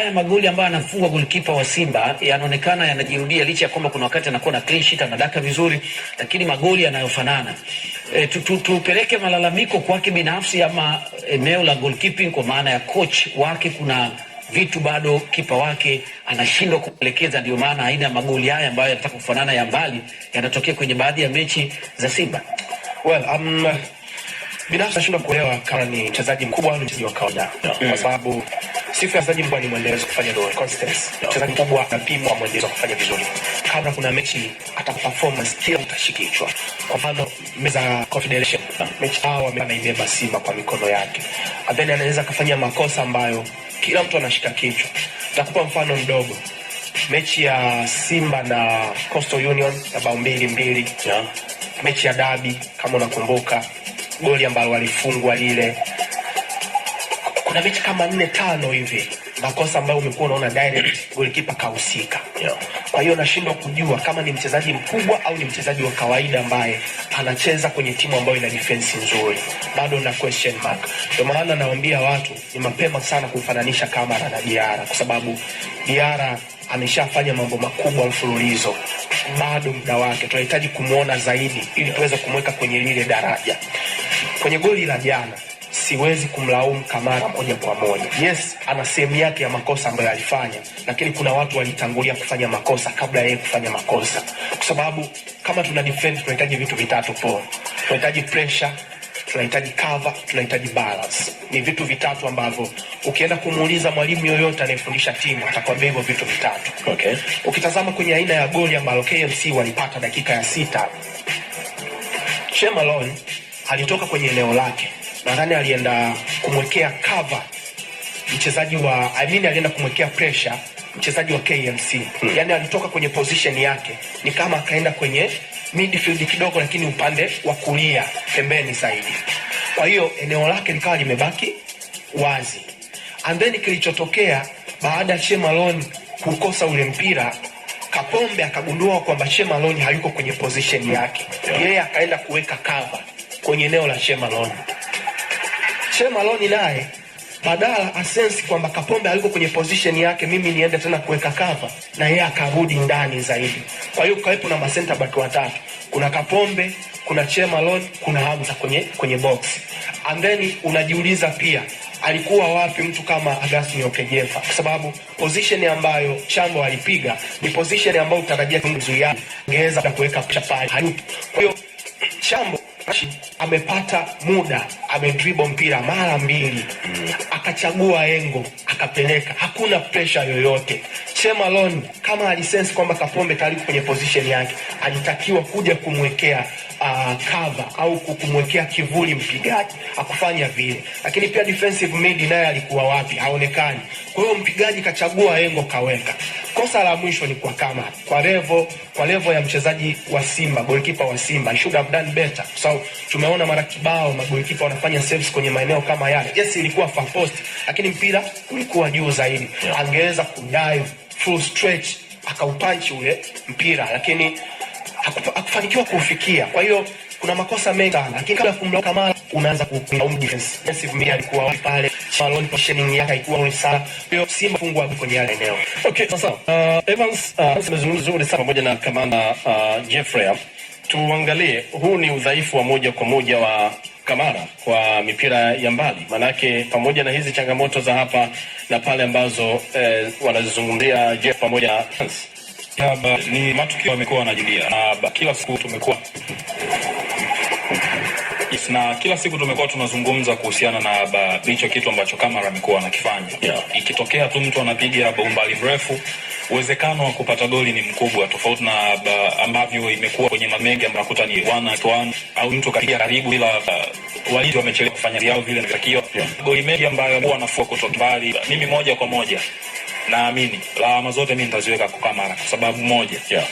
haya magoli ambayo anafungwa golikipa wa Simba yanaonekana yanajirudia, licha ya kwamba kuna wakati anakuwa na clean sheet anadaka vizuri, lakini magoli yanayofanana. E, tupeleke tu, malalamiko kwake binafsi ama eneo la goalkeeping kwa maana ya coach wake, kuna vitu bado kipa wake anashindwa kuelekeza, ndio maana aina ya magoli haya ambayo yanataka kufanana ya mbali yanatokea kwenye baadhi ya mechi za Simba. Well, um, binafsi nashindwa kuelewa kama ni mchezaji mkubwa au mchezaji wa kawaida mm. kwa sababu Sifa ya mchezaji mbwa ni mwendelezo, kufanya ndio constance Mchezaji mkubwa anapimwa mwendelezo wa kufanya vizuri. Kama kuna mechi ata performance kila utashikichwa. Kwa mfano meza Confederation, mechi hao wameibeba Simba kwa mikono yake, and then anaweza kufanya makosa ambayo kila mtu anashika kichwa. takupa mfano mdogo mechi ya Simba na Coastal Union ya bao mbili mbili, yeah. Mechi ya dabi kama unakumbuka goli ambalo walifungwa lile kuna mechi kama nne tano hivi makosa ambayo umekuwa unaona direct golikipa kahusika, yeah. Kwa hiyo nashindwa kujua kama ni mchezaji mkubwa au ni mchezaji wa kawaida ambaye anacheza kwenye timu ambayo ina defense nzuri, bado na question mark. Ndio maana nawaambia watu ni mapema sana kumfananisha kama na Diara kwa sababu Diara ameshafanya mambo makubwa mfululizo, bado muda wake, tunahitaji kumwona zaidi ili tuweze kumweka kwenye lile daraja. Kwenye goli la jana siwezi kumlaumu Kamara moja kwa moja. Yes, ana sehemu yake ya makosa ambayo alifanya, lakini kuna watu walitangulia kufanya makosa kabla yeye kufanya makosa, kwa sababu kama tuna defend tunahitaji vitu vitatu po, tunahitaji pressure, tunahitaji cover, tunahitaji balance. Ni vitu vitatu ambavyo ukienda kumuuliza mwalimu yoyote anayefundisha timu atakwambia hivyo vitu vitatu. Okay, ukitazama kwenye aina ya goli ambalo KMC walipata dakika ya sita, Shemalon alitoka kwenye eneo lake nadhani alienda kumwekea cover mchezaji wa I mean, alienda kumwekea pressure mchezaji wa KMC hmm. Yani alitoka kwenye position yake ni kama akaenda kwenye midfield kidogo, lakini upande wa kulia pembeni zaidi, kwa hiyo eneo lake likawa limebaki wazi, and then kilichotokea baada ya Chemalon kukosa ule mpira Kapombe akagundua kwamba Chemalon hayuko kwenye position yake, hmm. yeye akaenda kuweka cover kwenye eneo la Chemalon sema leo naye badala asensi kwamba Kapombe aliko kwenye position yake, mimi niende tena kuweka kava na yeye akarudi ndani zaidi. Kwa hiyo kawepo na masenta baki watatu, kuna Kapombe, kuna Chemalon, kuna Hamza kwenye kwenye box. And then unajiuliza pia alikuwa wapi mtu kama Agustin Okejefa, kwa sababu position ambayo Chango alipiga ni position ambayo utarajia mzuiaji angeweza kuweka picha pale. Kwa hiyo Chango amepata muda, amedribble mpira mara mbili, akachagua engo, akapeleka, hakuna pressure yoyote. Chemalon kama alisense kwamba Kapombe tayari kwenye position yake, alitakiwa kuja kumwekea uh, cover au kumwekea kivuli mpigaji akufanya vile, lakini pia defensive mid naye alikuwa wapi? Haonekani. Kwa hiyo mpigaji kachagua engo kaweka. Kosa la mwisho ni kwa kama kwa levo kwa levo ya mchezaji wa Simba, goalkeeper wa Simba should have done better. kwa sababu So tumeona mara kibao magoalkeeper wanafanya saves kwenye maeneo kama yale. Yes, ilikuwa far post, lakini mpira ulikuwa juu zaidi, angeweza kudai full stretch akaupanchi ule mpira lakini hakufanikiwa kufikia. Kwa hiyo kuna makosa mengi sana, lakini kabla kumlaumu Kamara unaanza kumlaumu defense. Defensive media alikuwa wapi pale? Ballon positioning yake haikuwa nzuri sana. Hiyo Simba fungwa kwenye yale eneo. Okay, sasa uh, uh, Evans amezungumza uh, vizuri sana pamoja na kamanda uh, Jeffrey. Tuangalie, huu ni udhaifu wa moja kwa moja wa Kamara kwa mipira ya mbali, manake pamoja na hizi changamoto za hapa na pale ambazo eh, wanazizungumzia Jeff pamoja saba ni matukio yamekuwa yanajirudia na ba, kila siku tumekuwa yes, na kila siku tumekuwa tunazungumza kuhusiana na ba, hicho kitu ambacho kamera amekuwa anakifanya yeah. Ikitokea tu mtu anapiga umbali mrefu, uwezekano wa kupata goli ni mkubwa, tofauti na ba, ambavyo imekuwa kwenye ambayo mnakuta ni one to one au mtu kapiga karibu, ila walinzi wamechelewa kufanya yao vile inavyotakiwa yeah. Goli mengi ambayo huwa nafua kutoka mbali, mimi moja kwa moja naamini lawama zote mimi nitaziweka kwa Kamara kwa sababu moja yeah.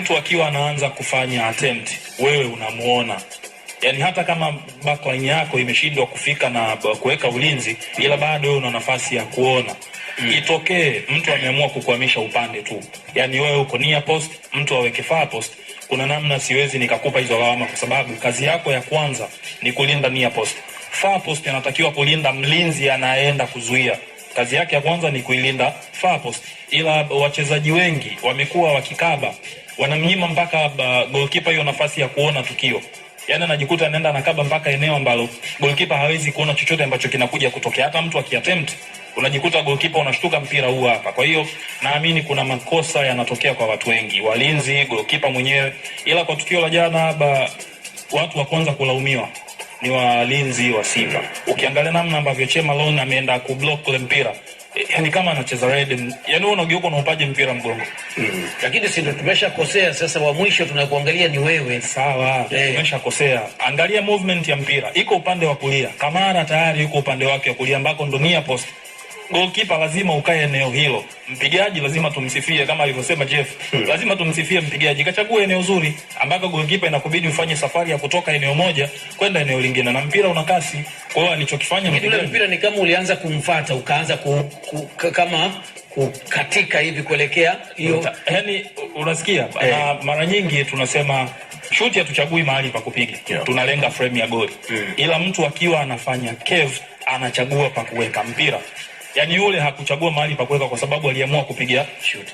Mtu akiwa anaanza kufanya attempt, wewe unamuona yani, hata kama backline yako imeshindwa kufika na kuweka ulinzi, ila bado wewe una nafasi ya kuona mm. Itokee mtu ameamua kukwamisha upande tu, yani wewe uko near post, mtu aweke far post, kuna namna siwezi nikakupa hizo lawama, kwa sababu kazi yako ya kwanza ni kulinda near post. Far post anatakiwa kulinda mlinzi anaenda kuzuia kazi yake ya kwanza ni kuilinda far post, ila wachezaji wengi wamekuwa wakikaba, wanamnyima mpaka uh, goalkeeper hiyo nafasi ya kuona tukio. Yaani anajikuta anaenda anakaba mpaka eneo ambalo goalkeeper hawezi kuona chochote ambacho kinakuja kutokea. Hata mtu akiattempt, unajikuta goalkeeper unashtuka mpira huu hapa. Kwa hiyo naamini kuna makosa yanatokea kwa watu wengi, walinzi, goalkeeper mwenyewe, ila kwa tukio la jana ba, watu wa kwanza kulaumiwa ni walinzi wa Simba. Ukiangalia namna ambavyo Chema Loan ameenda block ule mpira eh, yani kama anacheza red, yani wewe unageuka upaje mpira mgongo? Mm. Lakini si ndio tumeshakosea sasa, wa mwisho tunakuangalia ni wewe. Sawa, eh, tumeshakosea. Angalia movement ya mpira iko upande wa kulia, Kamara tayari yuko upande wake wa kulia ambako ndo post goalkeeper lazima ukae eneo hilo, mpigaji lazima tumsifie, kama alivyosema Jeff, Hmm. lazima tumsifie mpigaji. Kachague eneo zuri ambako goalkeeper inakubidi ufanye safari ya kutoka eneo moja kwenda eneo lingine, na mpira una kasi. Kwa hiyo alichokifanya mpigaji, mpira ni kama ulianza kumfuata ukaanza ku, ku, ku, kama kukatika hivi kuelekea hiyo, yani unasikia hey. Eh. Na mara nyingi tunasema shuti hatuchagui mahali pa kupiga yeah. Tunalenga frame ya goli Hmm. Ila mtu akiwa anafanya cave anachagua pa kuweka mpira Yaani yule hakuchagua mahali pa kuweka kwa sababu aliamua kupiga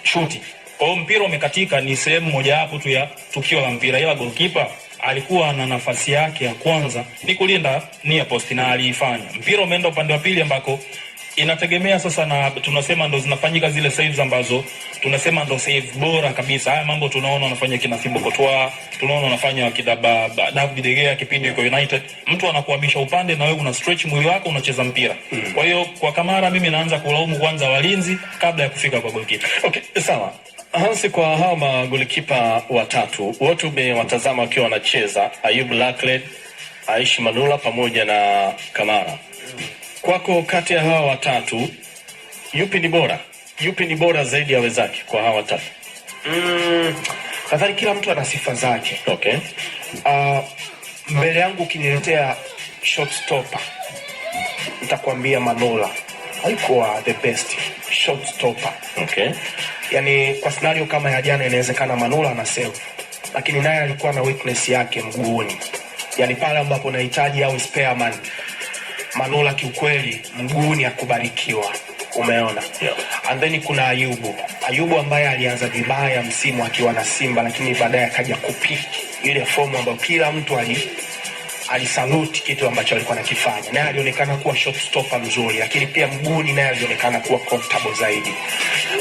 shuti. Kwa hiyo mpira umekatika, ni sehemu mojawapo tu ya tukio la mpira, ila golkipa alikuwa na nafasi yake ya kwanza ni kulinda nia posti na aliifanya. Mpira umeenda upande wa pili ambako inategemea sasa, na tunasema ndo zinafanyika zile saves ambazo tunasema ndo save bora kabisa. Haya mambo tunaona wanafanya kina Fimbo Kotoa, tunaona wanafanya wakina David De Gea kipindi yuko United, mtu anakuhamisha upande na wewe una stretch mwili wako unacheza mpira mm. Kwa hiyo kwa Kamara mimi naanza kulaumu kwanza walinzi kabla ya kufika kwa golikipa. Okay, sawa Hansi, kwa hawa magolikipa watatu wote umewatazama wakiwa wanacheza, Ayub Lakled, Aishi Manula pamoja na Kamara kwako, kati ya hawa watatu yupi ni bora? Yupi ni bora zaidi ya wenzake kwa hawa watatu? Mm, kila mtu ana sifa zake. Okay. Uh, mbele yangu ukiniletea shotstopper nitakwambia Manola alikuwa the best shotstopper. Okay. Yani kwa scenario kama ya jana inawezekana Manola ana save, lakini naye alikuwa na weakness yake mguuni, yani pale ambapo nahitaji au spare man Manula kiukweli, mguuni akubarikiwa, umeona yeah. And then kuna Ayubu, Ayubu ambaye alianza vibaya msimu akiwa na Simba, lakini baadaye akaja kupiki ile fomu ambayo kila mtu ali alisaluti kitu ambacho alikuwa anakifanya, naye alionekana kuwa shot stopper mzuri, lakini pia mguuni naye alionekana kuwa comfortable zaidi.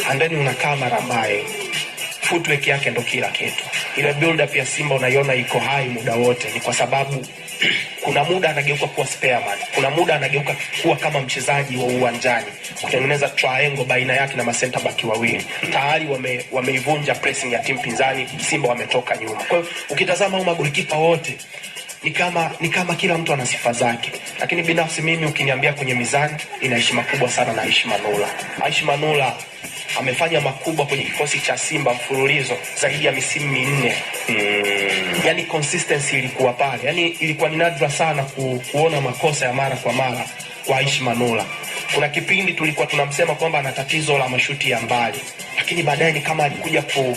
And then una kamera ambaye footwork yake ndo kila kitu. Ile build up ya Simba unaiona iko hai muda wote, ni kwa sababu kuna muda anageuka kuwa spareman, kuna muda anageuka kuwa kama mchezaji wa uwanjani kutengeneza triangle baina yake na masenta baki wawili. Tayari wame, wameivunja pressing ya timu pinzani, Simba wametoka nyuma. Kwa hiyo ukitazama au magolikipa wote ni kama ni kama kila mtu ana sifa zake, lakini binafsi mimi ukiniambia kwenye mizani, ina heshima kubwa sana na Aishi Manula. Aishi Manula amefanya makubwa kwenye kikosi cha Simba mfululizo zaidi ya misimu minne. Mm. Yani, consistency ilikuwa pale, yani ilikuwa ni nadra sana ku, kuona makosa ya mara kwa mara kwa Aishi Manula. Kuna kipindi tulikuwa tunamsema kwamba ana tatizo la mashuti ya mbali, lakini baadaye ni kama alikuja ku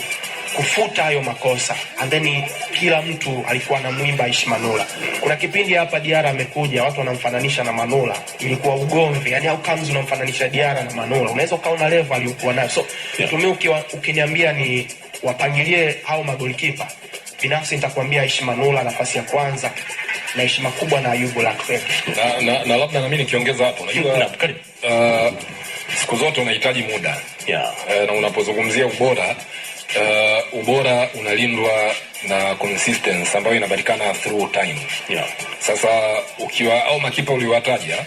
kufuta hayo makosa and then kila mtu alikuwa anamwimba mwimba Aishi Manula. Kuna kipindi hapa Diara amekuja, watu wanamfananisha na Manula, ilikuwa ugomvi yani, au kama unamfananisha Diara na Manula, unaweza ukaona level aliyokuwa nayo. So yeah. ukiwa ukiniambia ni wapangilie au magolikipa, binafsi nitakwambia Aishi Manula nafasi ya kwanza na heshima kubwa na Ayubu Lakpep. Na, na, na labda na mimi nikiongeza hapo, unajua uh, siku zote unahitaji muda yeah. Uh, na unapozungumzia ubora uh, ubora unalindwa na consistency ambayo inapatikana through time. Yeah. Sasa ukiwa au makipa uliwataja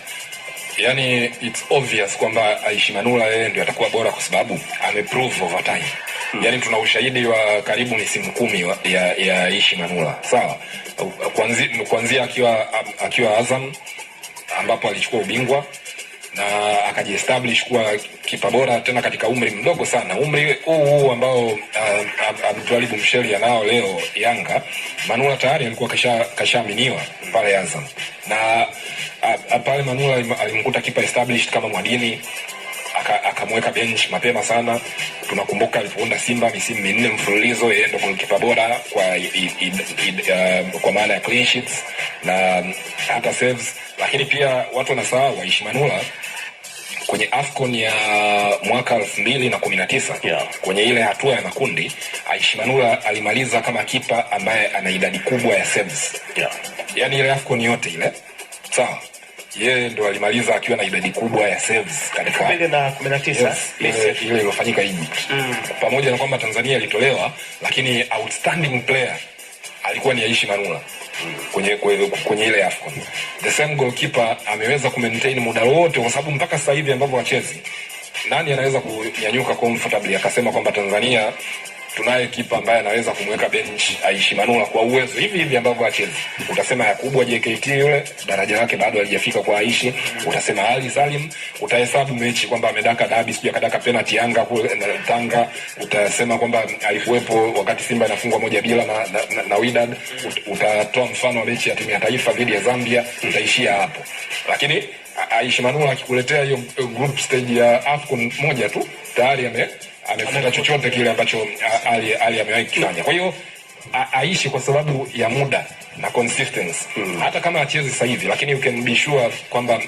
yani it's obvious kwamba Aishi Manula yeye ndio atakuwa bora kwa sababu ameprove over time. Hmm. Yani tuna ushahidi wa karibu misimu kumi wa, ya, ya Aishi Manula. Sawa. Kuanzia akiwa akiwa Azam ambapo alichukua ubingwa na akajiestablish kuwa kipa bora tena katika umri mdogo sana, umri huu huu ambao uh, Abdwalibu Msheli anao leo Yanga. Manula tayari alikuwa kashaaminiwa kasha pale Azam na uh, uh pale Manula alimkuta kipa established kama Mwadini akamweka aka bench mapema sana. Tunakumbuka alipounda Simba misimu minne mfululizo, yeye ndo kipa bora kwa uh, kwa maana ya clean sheets na um, hata saves, lakini pia watu wanasahau Aishi Manula kwenye AFCON ya mwaka elfu mbili na kumi na tisa yeah. Kwenye ile hatua ya makundi aishimanula alimaliza kama kipa ambaye ana idadi kubwa ya saves yeah. Yani ile AFCON yote ile sawa yeye ndo alimaliza akiwa na idadi kubwa ya saves katika 19 yes, ile iliyofanyika hivi mm. Pamoja na kwamba Tanzania ilitolewa, lakini outstanding player alikuwa ni Aishi Manula kwenye kwenye ile AFCON. The same goalkeeper ameweza maintain muda wote, kwa sababu mpaka sasa hivi ambapo wachezi, nani anaweza kunyanyuka comfortably akasema kwamba Tanzania tunaye kipa ambaye anaweza kumweka bench Aishi Manula kwa uwezo hivi hivi ambavyo acheza. Utasema ya kubwa JKT yule daraja lake bado halijafika kwa Aishi. Utasema Ali Salim, utahesabu mechi kwamba amedaka dabi, sijui akadaka penalty Yanga kule Tanga. Utasema kwamba alikuwepo wakati Simba inafungwa moja bila na, na, na, na Wydad. Utatoa mfano wa mechi ya timu ya taifa dhidi ya Zambia, utaishia hapo. Lakini Aishi Manula akikuletea hiyo group stage ya AFCON moja tu tayari ame amefanya chochote kile ambacho Ali Ali amewahi kufanya. Kwa hiyo aishi kwa sababu ya muda na consistency. Mm. Hata kama acheze sasa hivi, lakini you can be sure kwamba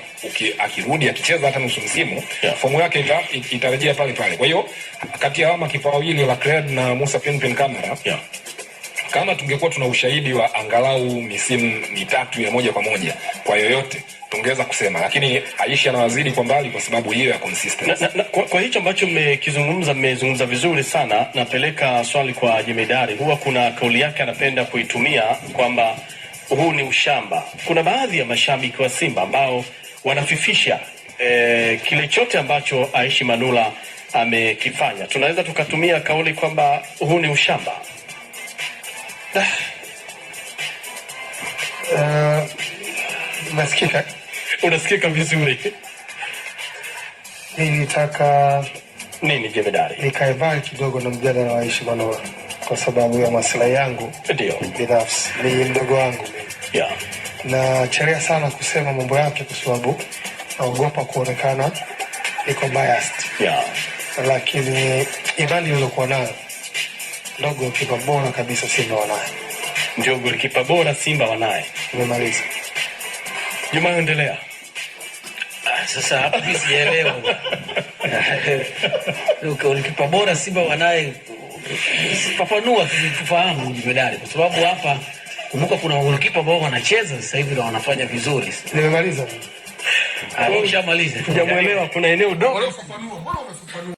akirudi akicheza hata nusu msimu yeah, fomu yake ita, itarejea pale pale. Kwa hiyo kati ya hao makipa wawili la Cred na Musa Pimpin Kamara yeah. Kama tungekuwa tuna ushahidi wa angalau misimu mitatu ya moja kwa moja kwa yoyote tungeweza kusema, lakini Aisha anawazidi kwa mbali kwa sababu hiyo ya consistency. Kwa, kwa hicho ambacho mmekizungumza, mmezungumza vizuri sana. Napeleka swali kwa Jemedari, huwa kuna kauli yake anapenda kuitumia kwamba huu ni ushamba. Kuna baadhi ya mashabiki wa Simba ambao wanafifisha eh, kile chote ambacho Aishi Manula amekifanya. Tunaweza tukatumia kauli kwamba huu ni ushamba. Eh, unasikika? Unasikika vizuri. Nilitaka nini jemedari, nikaevaa kidogo na mjadala wa Aishi Manula kwa sababu ya maslahi yangu ndio binafsi, ni mdogo wangu yeah. Nachelea sana kusema mambo yake kwa sababu naogopa kuonekana niko biased yeah. Lakini imani nilizokuwa nayo ndio golikipa bora kabisa Simba wanaye. Ndio golikipa bora Simba wanaye. Nimemaliza. Juma, endelea. Ah, sasa hapa mimi sielewi. Golikipa bora Simba wanaye. Fafanua tufahamu medali kwa sababu hapa kumbuka kuna golikipa ambao wanacheza sasa hivi na wanafanya vizuri. Nimemaliza. Ah, nimeshamaliza. Sijamuelewa kuna eneo dogo. Mbona umefafanua?